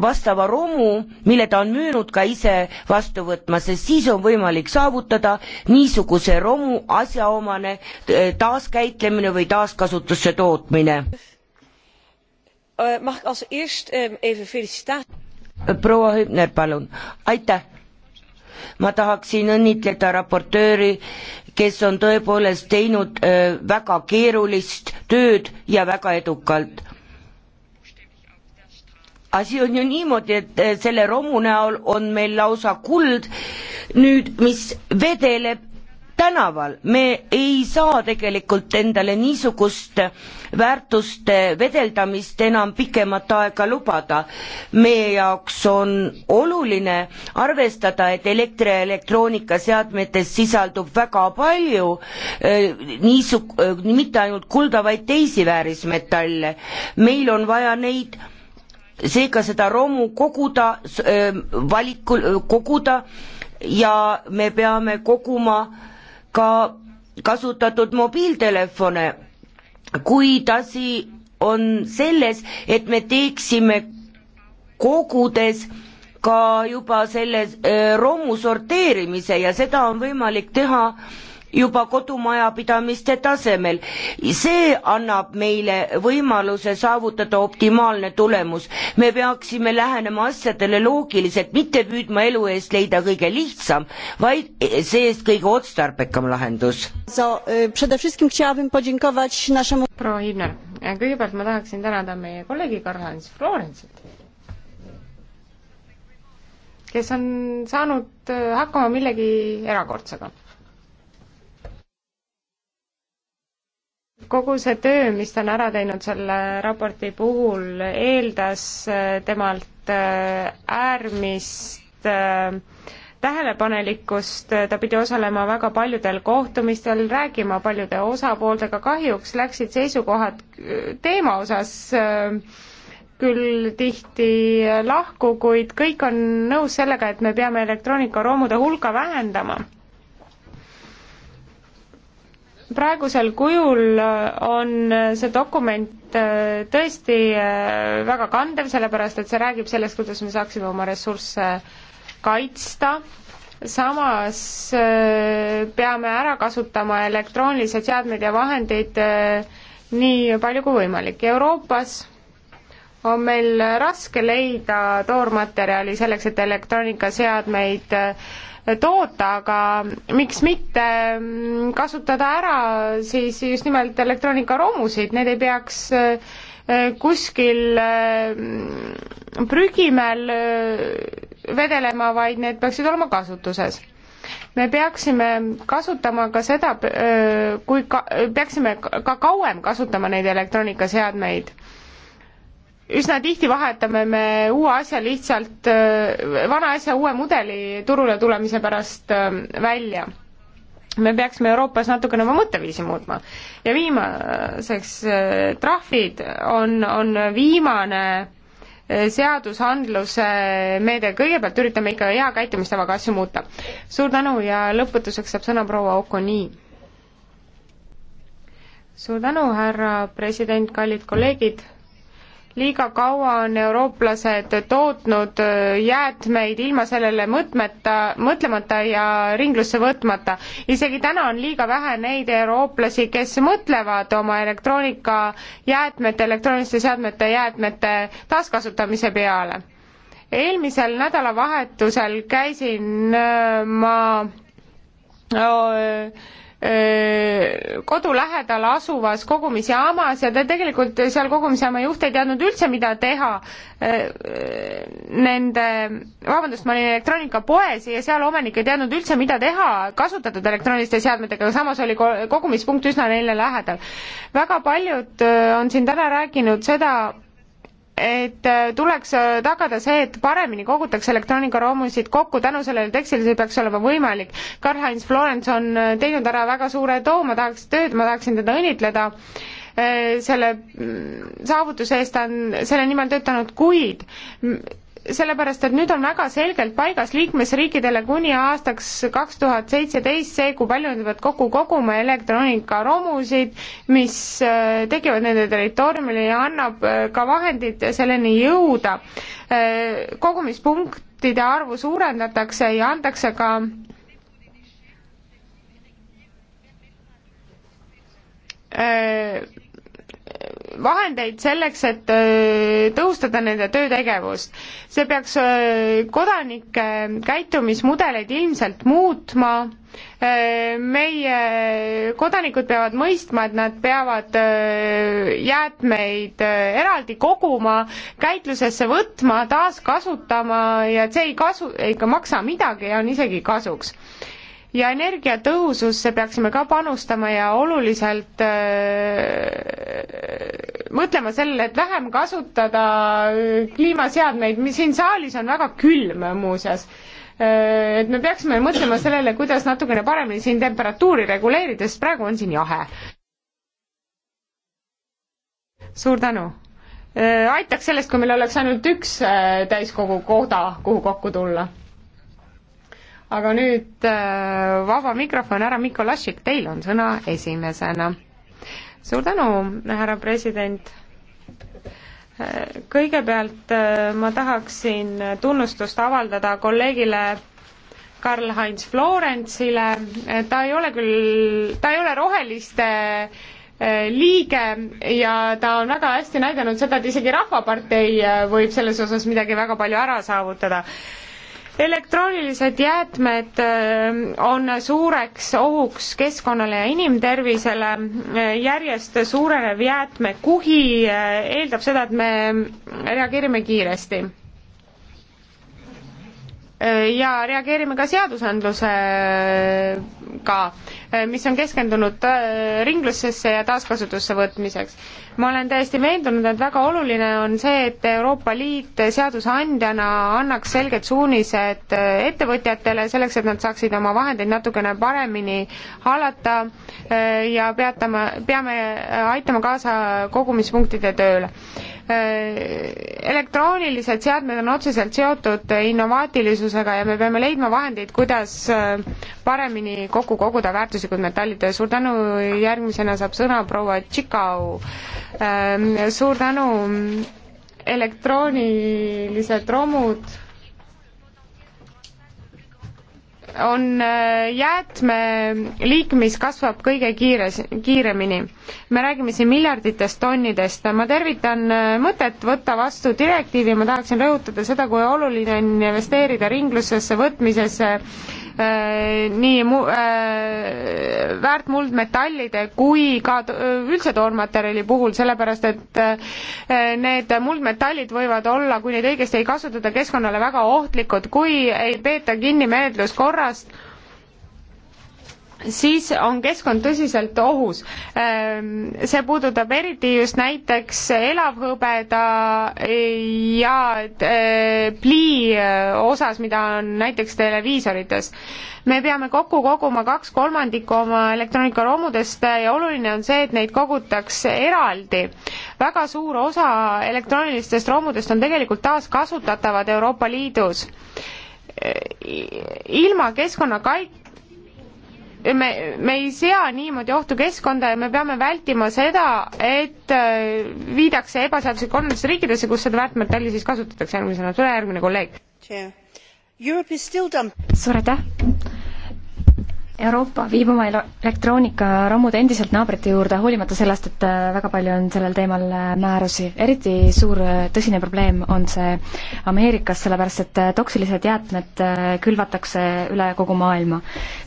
Speaker 3: vastava romu, mille ta on müünud, ka ise vastu võtma, sest siis on võimalik saavutada niisugust see romu asjaomane eh, taaskäitlemine või taaskasutusse tootmine.
Speaker 5: Eh,
Speaker 6: ehm,
Speaker 3: proua Hübner, palun, aitäh. ma tahaksin õnnitleda raportööri, kes on tõepoolest teinud eh, väga keerulist tööd ja väga edukalt asi on ju niimoodi, et selle romu näol on meil lausa kuld nüüd, mis vedeleb tänaval, me ei saa tegelikult endale niisugust väärtuste vedeldamist enam pikemat aega lubada. meie jaoks on oluline arvestada, et elektri- ja elektroonikaseadmetes sisaldub väga palju äh, niisu-, äh, mitte ainult kulda, vaid teisi väärismetalle. meil on vaja neid seega seda romu koguda, äh, valikul koguda ja me peame koguma ka kasutatud mobiiltelefone, kuid asi on selles, et me teeksime kogudes ka juba selle äh, romu sorteerimise ja seda on võimalik teha äh, juba kodumajapidamiste tasemel. see annab meile võimaluse saavutada optimaalne tulemus. me peaksime lähenema asjadele loogiliselt, mitte püüdma elu eest leida kõige lihtsam, vaid see-eest kõige otstarbekam lahendus.
Speaker 1: proua Himner, kõigepealt ma tahaksin tänada meie kolleegi Karl-Heinz Florensit kes on saanud äh, hakkama millegi erakordsega kogu see töö, mis ta on ära teinud selle raporti puhul, eeldas äh, temalt äh, äärmist äh, tähelepanelikkust, ta pidi osalema väga paljudel kohtumistel, rääkima paljude osapooltega, kahjuks läksid seisukohad teema osas küll tihti lahku, kuid kõik on nõus sellega, et me peame elektroonikaroomude hulka vähendama praegusel kujul on see dokument äh, tõesti äh, väga kandev, sellepärast et see räägib sellest, kuidas me saaksime oma ressursse kaitsta, samas äh, peame ära kasutama elektroonilised seadmed ja vahendid nii palju kui võimalik. Euroopas on meil raske leida toormaterjali selleks, et elektroonikaseadmeid äh, toota, aga miks mitte mm, kasutada ära siis just nimelt elektroonikaromusid, need ei peaks äh, kuskil äh, prügimäel äh, vedelema, vaid need peaksid olema kasutuses. me peaksime kasutama ka seda, kui ka, peaksime ka kauem kasutama neid elektroonikaseadmeid üsna tihti vahetame me uue asja lihtsalt, vana asja uue mudeli turule tulemise pärast välja. me peaksime Euroopas natukene oma mõtteviisi muutma. ja viimaseks, trahvid on, on viimane seadusandluse meede, kõigepealt üritame ikka hea käitumistavaga asju muuta. suur tänu ja lõpetuseks saab sõna proua Okoni. suur tänu, härra president, kallid kolleegid liiga kaua on eurooplased tootnud äh, jäätmeid ilma sellele mõtmeta, mõtlemata ja ringlusse võtmata. isegi täna on liiga vähe neid eurooplasi, kes mõtlevad oma elektroonikajäätmete, elektrooniliste seadmete jäätmete taaskasutamise peale. eelmisel nädalavahetusel käisin äh, ma öö, äh, kodu lähedal asuvas kogumisjaamas ja te tegelikult seal kogumisjaama juht ei teadnud üldse, mida teha nende, vabandust, ma olin elektroonikapoes ja seal omanik ei teadnud üldse, mida teha kasutatud elektrooniliste seadmetega, aga samas oli kogumispunkt üsna neile lähedal. väga paljud on siin täna rääkinud seda, et äh, tuleks äh, tagada see, et paremini kogutakse elektroonikaromusid kokku, tänu sellele tekstile see peaks olema võimalik. Karl-Heinz Florence on äh, teinud ära väga suure too, ma tahaks tööd, ma tahaksin teda õnnitleda selle mm, saavutuse eest, ta on selle nimel töötanud kuid sellepärast, et nüüd on väga selgelt paigas liikmesriikidele kuni aastaks kaks tuhat seitseteist see, kui palju nad peavad kokku koguma elektroonikaromusid, mis äh, tekivad nende territooriumile ja annab äh, ka vahendid selleni jõuda. Äh, kogumispunktide arvu suurendatakse ja antakse ka öö, vahendeid selleks, et tõhustada nende töötegevust. see peaks kodanike käitumismudeleid ilmselt muutma, meie kodanikud peavad mõistma, et nad peavad jäätmeid eraldi koguma, käitlusesse võtma, taaskasutama ja et see ei kasu, ei ka maksa midagi ja on isegi kasuks ja energiatõhususse peaksime ka panustama ja oluliselt öö, äh, mõtlema sellele, et vähem kasutada äh, kliimaseadmeid, mis siin saalis on väga külm muuseas. Äh, et me peaksime mõtlema sellele, kuidas natukene paremini siin temperatuuri reguleerida, sest praegu on siin jahe. suur tänu! aitaks sellest, kui meil oleks ainult üks täiskogu koda, kuhu kokku tulla aga nüüd äh, vaba mikrofon, härra Mikolašik, teil on sõna esimesena. suur tänu, härra president äh, kõigepealt äh, ma tahaksin tunnustust avaldada kolleegile Karl-Heinz Florentsile, ta ei ole küll, ta ei ole roheliste liige ja ta on väga hästi näidanud seda, et isegi Rahvapartei võib selles osas midagi väga palju ära saavutada elektroonilised jäätmed äh, on suureks ohuks keskkonnale ja inimtervisele, äh, järjest suurenev jäätmekuhi äh, eeldab seda, et me reageerime kiiresti ja reageerime ka seadusandlusega. Äh, mis on keskendunud äh, ringlusesse ja taaskasutusse võtmiseks. ma olen täiesti veendunud, et väga oluline on see, et Euroopa Liit seadusandjana annaks selged suunised äh, ettevõtjatele selleks, et nad saaksid oma vahendeid natukene paremini hallata ja peatama, peame aitama kaasa kogumispunktide tööle Äh, elektroonilised seadmed on otseselt seotud innovaatilisusega ja me peame leidma vahendeid, kuidas äh, paremini kokku koguda väärtuslikud metallid. suur tänu, järgmisena saab sõna proua Tšikau. Ähm, suur tänu, elektroonilised romud on äh, jäätmeliik, mis kasvab kõige kiires, kiiremini. me räägime siin miljarditest tonnidest, ma tervitan äh, mõtet võtta vastu direktiivi, ma tahaksin rõhutada seda, kui oluline on investeerida ringlusesse võtmisesse Äh, nii mu-, äh, väärtmuldmetallide kui ka äh, üldse toormaterjali puhul, sellepärast et need muldmetallid võivad olla, kui neid õigesti ei kasutata, keskkonnale väga ohtlikud, kui ei peeta kinni menetluskorrast siis on keskkond tõsiselt ohus. Ähm, see puudutab eriti just näiteks elavhõbeda ja äh, plii äh, osas, mida on näiteks televiisorites. me peame kokku koguma kaks kolmandikku oma elektroonikaromudest ja oluline on see, et neid kogutaks eraldi. väga suur osa elektroonilistest romudest on tegelikult taaskasutatavad Euroopa Liidus äh, ilma keskkonnakaitse me, me ei sea niimoodi ohtu keskkonda ja me peame vältima seda, et äh, viidakse ebaseaduslik kolmandatesse riikidesse, kus seda väärtmetalli siis kasutatakse järgmisena. tule järgmine kolleeg. suur aitäh
Speaker 6: Euroopa viib oma elektroonikarommud endiselt naabrite juurde, hoolimata sellest, et äh, väga palju on sellel teemal äh, määrusi. eriti suur äh, tõsine probleem on see Ameerikas, sellepärast et toksilised jäätmed külvatakse üle kogu maailma.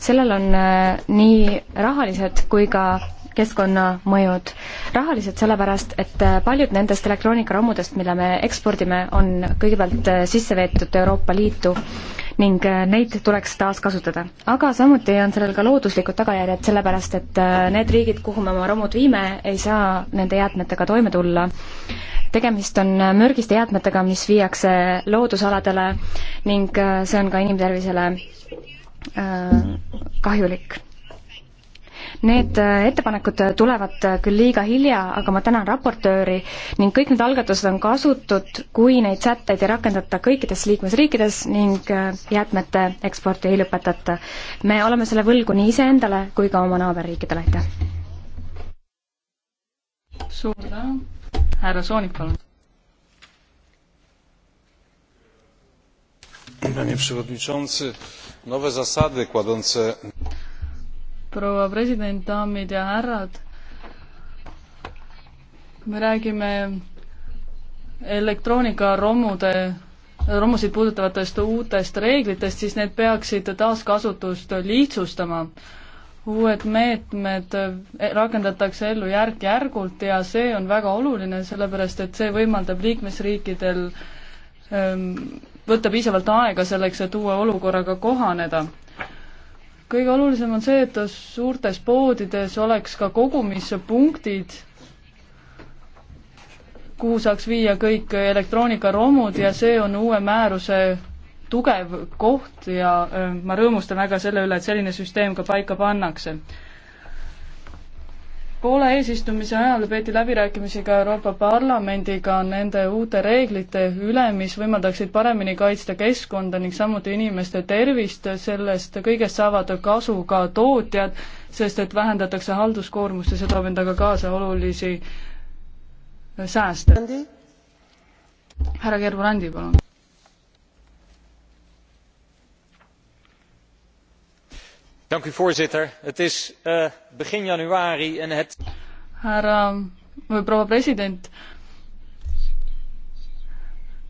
Speaker 6: sellel on nii rahalised kui ka keskkonnamõjud. rahalised sellepärast, et paljud nendest elektroonikarommudest, mida me ekspordime, on kõigepealt sisse veetud Euroopa Liitu ning äh, neid tuleks taaskasutada. aga samuti on sellel ka looduslikud tagajärjed, sellepärast et äh, need riigid, kuhu me oma romud viime, ei saa nende jäätmetega toime tulla. tegemist on äh, mürgiste jäätmetega, mis viiakse loodusaladele ning see on ka inimtervisele kahjulik Need äh, ettepanekud äh, tulevad äh, küll liiga hilja, aga ma tänan raportööri ning kõik need algatused on kasutud, kui neid sätteid ei rakendata kõikides liikmesriikides ning jäätmete eksporti ei lõpetata. me oleme selle võlgu nii iseendale kui ka oma naaberriikidele, aitäh!
Speaker 2: suur tänu, härra Soonik, palun!
Speaker 4: Panie Przewodniczący, nowe zasady kładące
Speaker 2: proua president, daamid ja härrad. me räägime elektroonikaromude, romusid puudutavatest uutest reeglitest, siis need peaksid taaskasutust lihtsustama. uued meetmed rakendatakse ellu järk-järgult ja see on väga oluline, sellepärast et see võimaldab liikmesriikidel ähm, võtta piisavalt aega selleks, et uue olukorraga kohaneda kõige olulisem on see, et suurtes poodides oleks ka kogumispunktid, kuhu saaks viia kõik elektroonikaromud ja see on uue määruse tugev koht ja äh, ma rõõmustan väga selle üle, et selline süsteem ka paika pannakse. Poola eesistumise ajal peeti läbirääkimisi ka Euroopa Parlamendiga nende uute reeglite üle, mis võimaldaksid paremini kaitsta keskkonda ning samuti inimeste tervist, sellest kõigest saavad kasu ka tootjad, sest et vähendatakse halduskoormust ja see toob endaga kaasa olulisi sääste. härra Gerbrandi, palun
Speaker 5: voorzitter het is eh, begin januari en het.
Speaker 2: härra või proua president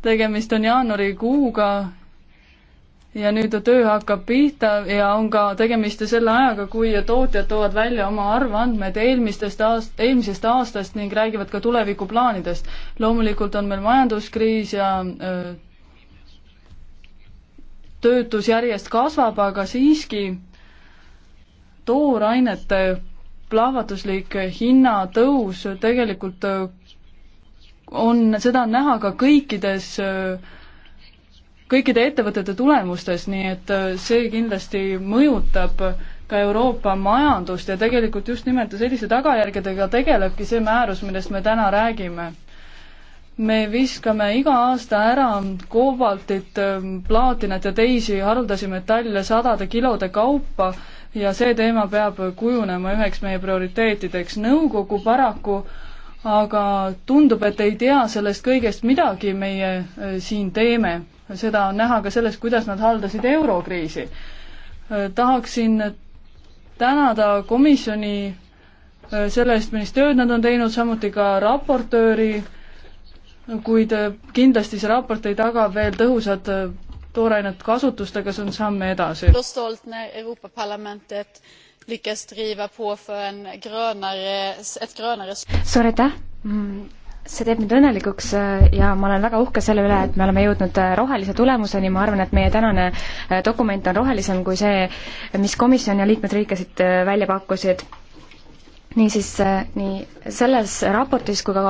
Speaker 2: tegemist on jaanuarikuuga ja nüüd töö hakkab pihta ja on ka tegemist ju selle ajaga, kui tootjad toovad välja oma arvandmed eelmistest aast-, eelmisest aastast ning räägivad ka tulevikuplaanidest. loomulikult on meil majanduskriis ja öö, töötus järjest kasvab, aga siiski toorainete plahvatuslik hinnatõus tegelikult äh, on, seda on näha ka kõikides, äh, kõikide ettevõtete tulemustes, nii et äh, see kindlasti mõjutab ka Euroopa majandust ja tegelikult just nimelt selliste tagajärgedega tegelebki see määrus, millest me täna räägime. me viskame iga aasta ära koobaltit, plaatinat ja teisi haruldasi metalle sadade kilode kaupa ja see teema peab kujunema üheks meie prioriteetideks. nõukogu paraku aga tundub, et ei tea sellest kõigest midagi meie äh, siin teeme. seda on näha ka sellest, kuidas nad haldasid eurokriisi. Äh, tahaksin tänada komisjoni äh, selle eest, millist tööd nad on teinud, samuti ka raportööri, kuid kindlasti see raport ei taga veel tõhusat toorainet kasutust, aga see on samm edasi.
Speaker 6: suur aitäh! Mm, see teeb mind õnnelikuks äh, ja ma olen väga uhke selle üle, et me oleme jõudnud äh, rohelise tulemuseni, ma arvan, et meie tänane äh, dokument on rohelisem kui see, mis komisjon ja liikmesriikasid välja pakkusid niisiis, äh, nii selles raportis kui ka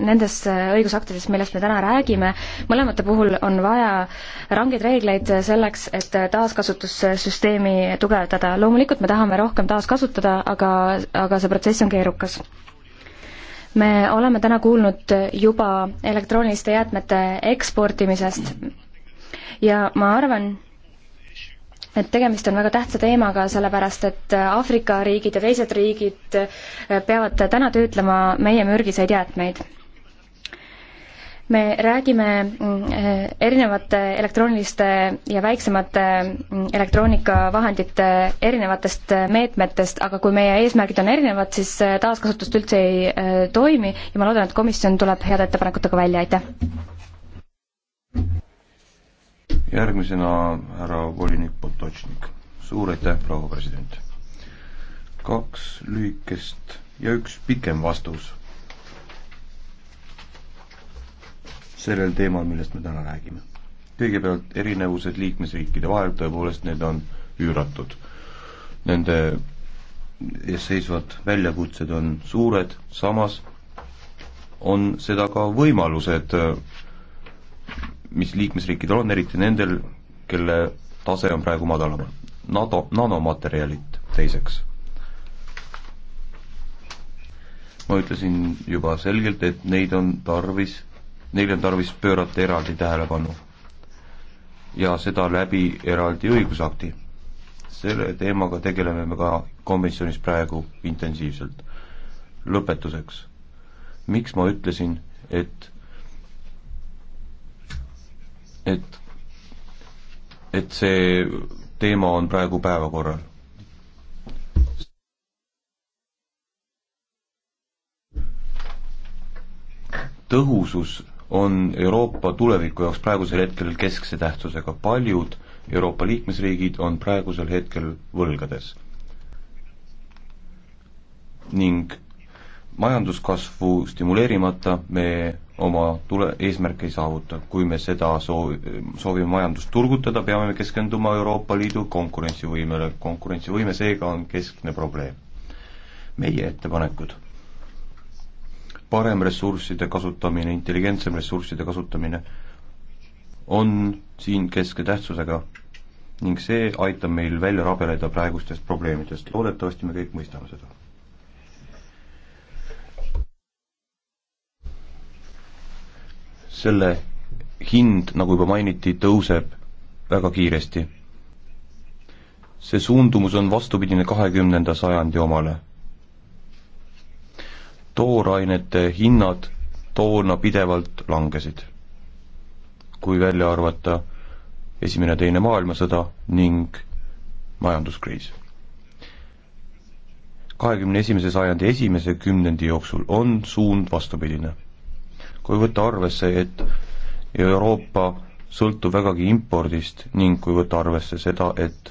Speaker 6: nendes äh, õigusaktides, millest me täna räägime, mõlemate puhul on vaja rangeid reegleid selleks, et äh, taaskasutussüsteemi tugevdada. loomulikult me tahame rohkem taaskasutada, aga, aga see protsess on keerukas me oleme täna kuulnud juba elektrooniliste jäätmete eksportimisest ja ma arvan, et tegemist on väga tähtsa teemaga, sellepärast et Aafrika riigid ja teised riigid äh, peavad täna töötlema meie mürgiseid jäätmeid me räägime äh, erinevate elektrooniliste ja väiksemate mm, elektroonikavahendite erinevatest äh, meetmetest, aga kui meie eesmärgid on erinevad, siis taaskasutust üldse ei toimi ja ma loodan, et komisjon tuleb heade ettepanekutega välja, aitäh!
Speaker 4: järgmisena härra volinik Potočnik. suur aitäh, proua president. kaks lühikest ja üks pikem vastus sellel teemal, millest me täna räägime. kõigepealt erinevused liikmesriikide vahel, tõepoolest need on üüratud. Nende ees seisvad väljakutsed on suured, samas on seda ka võimalused äh, mis liikmesriikidel on, eriti nendel, kelle tase on praegu madalamal. NATO, nanomaterjalid teiseks. ma ütlesin juba selgelt, et neid on tarvis, neile on tarvis pöörata eraldi tähelepanu. ja seda läbi eraldi õigusakti. selle teemaga tegeleme me ka komisjonis praegu intensiivselt. lõpetuseks, miks ma ütlesin, et et, et see teema on praegu päevakorral. tõhusus on Euroopa tuleviku jaoks praegusel hetkel keskse tähtsusega, paljud Euroopa liikmesriigid on praegusel hetkel võlgades. ning majanduskasvu stimuleerimata me oma tule, eesmärke ei saavuta. kui me seda soovi, soovime majandust turgutada, peame me keskenduma Euroopa Liidu konkurentsivõimele. konkurentsivõime seega on keskne probleem. meie ettepanekud. parem ressursside kasutamine, intelligentsem ressursside kasutamine on siin keske tähtsusega ning see aitab meil välja rabeleda praegustest probleemidest. loodetavasti me kõik mõistame seda selle hind, nagu juba mainiti, tõuseb väga kiiresti. see suundumus on vastupidine kahekümnenda sajandi omale. toorainete hinnad toona pidevalt langesid, kui välja arvata esimene, teine maailmasõda ning majanduskriis. kahekümne esimese sajandi esimese kümnendi jooksul on suund vastupidine kui võtta arvesse, et Euroopa sõltub vägagi impordist ning kui võtta arvesse seda, et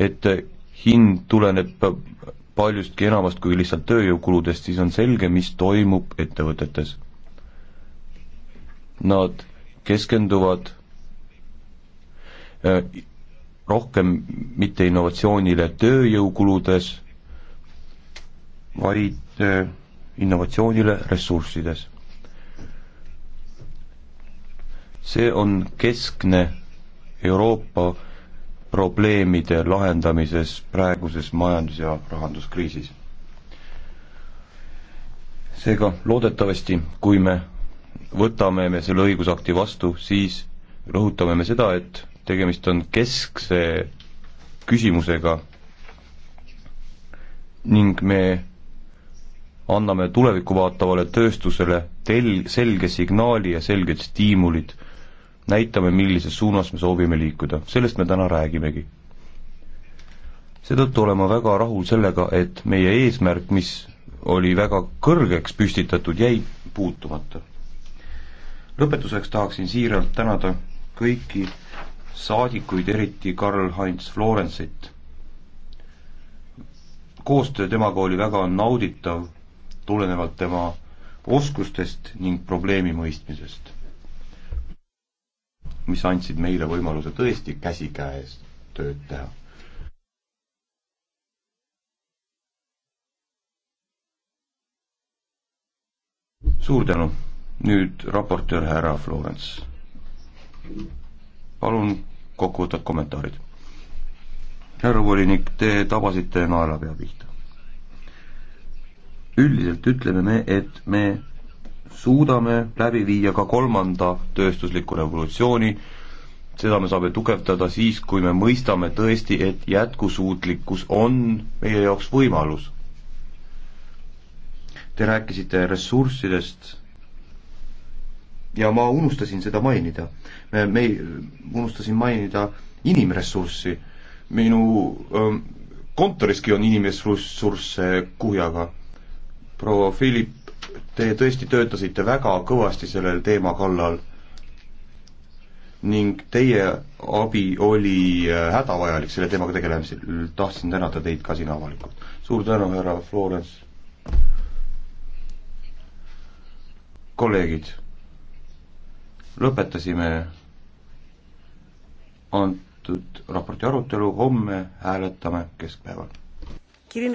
Speaker 4: et hind tuleneb paljustki enamast kui lihtsalt tööjõukuludest, siis on selge, mis toimub ettevõtetes. Nad keskenduvad eh, rohkem mitte innovatsioonile tööjõukuludes vaid äh, innovatsioonile ressurssides. see on keskne Euroopa probleemide lahendamises praeguses majandus- ja rahanduskriisis. seega loodetavasti, kui me võtame me selle õigusakti vastu, siis rõhutame me seda, et tegemist on keskse küsimusega ning me anname tulevikku vaatavale tööstusele tel-, selge signaali ja selged stiimulid, näitame, millises suunas me soovime liikuda, sellest me täna räägimegi. seetõttu olen ma väga rahul sellega, et meie eesmärk, mis oli väga kõrgeks püstitatud, jäi puutumata. lõpetuseks tahaksin siiralt tänada kõiki saadikuid, eriti Karl-Heinz Florensit. koostöö temaga oli väga nauditav tulenevalt tema oskustest ning probleemi mõistmisest, mis andsid meile võimaluse tõesti käsikäes tööd teha. suur tänu, nüüd raportöör härra Florence. palun kokkuvõtvad kommentaarid. härra volinik, te tabasite naelapea pihta üldiselt ütleme me, et me suudame läbi viia ka kolmanda tööstusliku revolutsiooni, seda me saame tugevdada siis, kui me mõistame tõesti, et jätkusuutlikkus on meie jaoks võimalus. Te rääkisite ressurssidest ja ma unustasin seda mainida. me, me, unustasin mainida inimressurssi. minu öö, ähm, kontoriski on inimressursse kuhjaga proua Philip, te tõesti töötasite väga kõvasti sellel teema kallal ning teie abi oli äh, hädavajalik selle teemaga tegelemisel, tahtsin tänada teid ka siin avalikult. suur tänu, härra Florence. kolleegid, lõpetasime antud raporti arutelu, homme hääletame keskpäeval